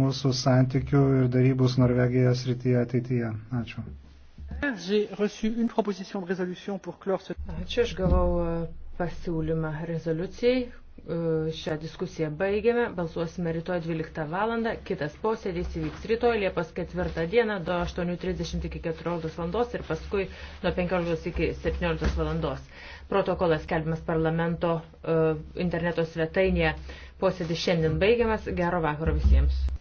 mūsų santykių ir darybų su Norvegija srityje ateityje. Ačiū. Ačiū, aš gavau e, pasiūlymą rezoliucijai. E, šią diskusiją baigiame, balsuosime rytoj 12 val. Kitas posėdis įvyks rytoj Liepos 4 dieną nuo 8.30 iki 14 val. ir paskui nuo 15 iki 17 val. Protokolas kelbimas parlamento e, interneto svetainėje. Posėdis šiandien baigiamas. Gero vakaro visiems.